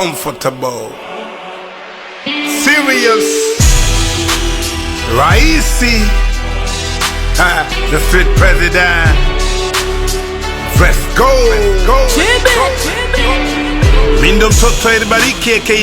comfortable. Serious. Raisi. Uh, the fit president. Let's go. Jimmy. Jimmy. mindo mtoto Elibariki aka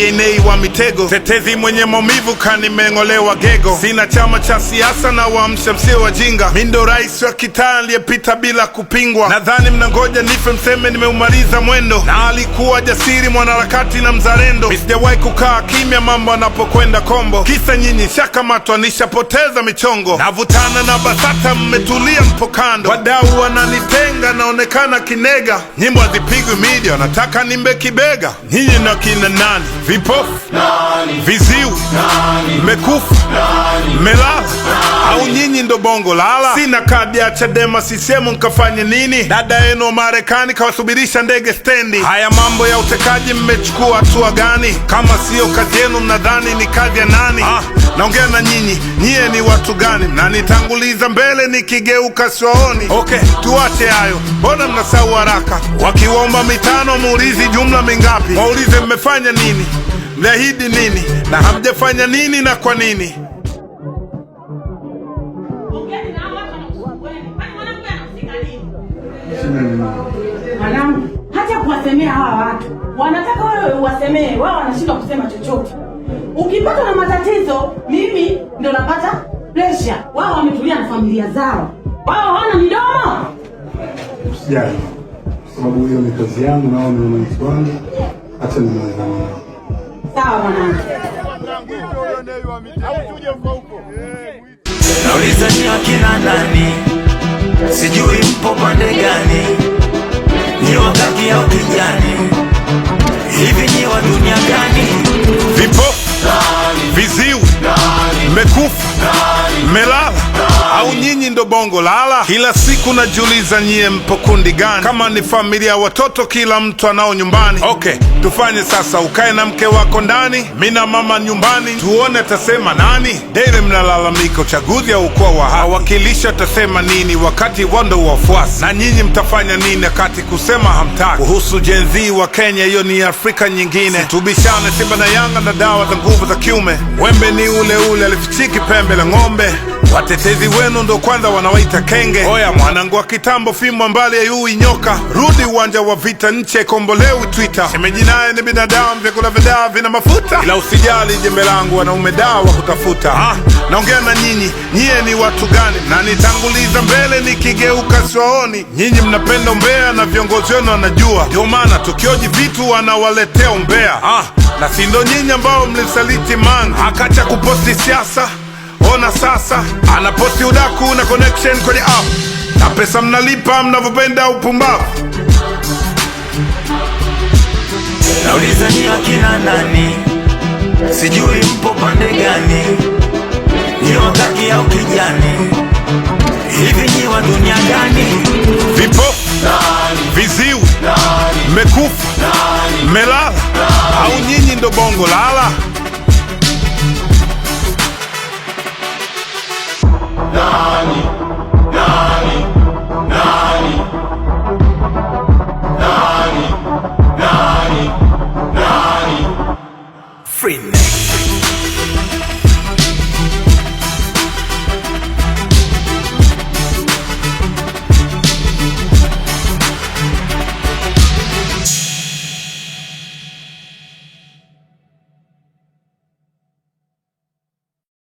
wa mitego, tetezi mwenye maumivu kanimeng'olewa gego. Sina chama cha siasa na wamsha msio wajinga. jinga mindo rais wa kitaa aliyepita bila kupingwa. Nadhani mnangoja nife mseme nimeumaliza mwendo, na alikuwa jasiri mwanaharakati na mzalendo. Mi kukaa kimya mambo anapokwenda kombo, kisa nyinyi shakamatwa nishapoteza michongo. Navutana na BASATA mmetulia mpo kando, wadau wananitenga naonekana kinega. Nyimbo hazipigwi media, wanataka nimbe kibe Nabega, nyinyi na kina nani? Vipofu nani? Viziwi nani? Mekufa nani? Melala nani? Au nyinyi ndo bongo lala? Sina kadi ya Chadema sisemu, nkafanye nini? Dada yenu wa Marekani kawasubirisha ndege stendi. Haya mambo ya utekaji, mmechukua hatua gani? Kama siyo kazi yenu, mnadhani ni kazi ya nani? ah naongea na nyinyi, nyie ni watu gani? na nitanguliza mbele nikigeuka siwaoni. Okay, tuache hayo, mbona mnasahau haraka? Wakiwaomba mitano, muulizi jumla mingapi, waulize mmefanya nini, mliahidi nini, na hamjafanya nini na kwa yaani, nini. Mwanangu, hata kuwasemea hawa watu wanataka wewe uwasemee, wao wanashindwa kusema chochote. Ukipata na matatizo, mimi ndo napata pressure. Wao wametulia na familia zao, wao hawana midomo. Usijali, sababu hiyo ni kazi yangu na wao ni wananchi wangu, hata ni nao. Sawa mwanangu. Nauliza ni akina nani, sijui mpo pande gani, ni wakati au kijani mes coups mes larmes, au nyinyi ndo bongo lala? Kila siku najiuliza nyie mpo kundi gani? Kama ni familia ya watoto, kila mtu anao nyumbani. Okay, tufanye sasa, ukae na mke wako ndani, mi na mama nyumbani, tuone atasema nani. dere mnalalamika uchaguzi haukuwa wa haki, wawakilishi atasema nini wakati wando wafuasi, na nyinyi mtafanya nini wakati kusema hamtaki? Kuhusu jenzi wa Kenya, hiyo ni Afrika nyingine. Tubishane Simba na Yanga na dawa za nguvu za kiume, wembe ni ule ule, alifichiki pembe la ng'ombe. Watetezi wenu ndo kwanza wanawaita kenge. Oya mwanangu wa kitambo, fimwa mbali yui nyoka, rudi uwanja wa vita, nche kombolewi Twitter. Shemeji naye ni binadamu, vyakula vya vina mafuta, ila usijali jembe langu, wanaume daa wa kutafuta. Ah. naongea na nyinyi, nyiye ni watu gani? na nitanguliza mbele nikigeuka swaoni. Nyinyi mnapenda umbea na viongozi wenu anajua ndio maana tukioji vitu wanawaletea umbea. Ah. na sindo nyinyi ambao mlisaliti Mange akacha kuposti siasa Ona sasa anaposti udaku na connection kwenye app na pesa mnalipa mnavyopenda upumbavu. Nauliza ni akina nani, sijui mpo pande gani, ni wakati au kijani, hivi ni wa dunia gani? Vipo viziu mmekufa, mmelala au nyinyi ndo bongo lala?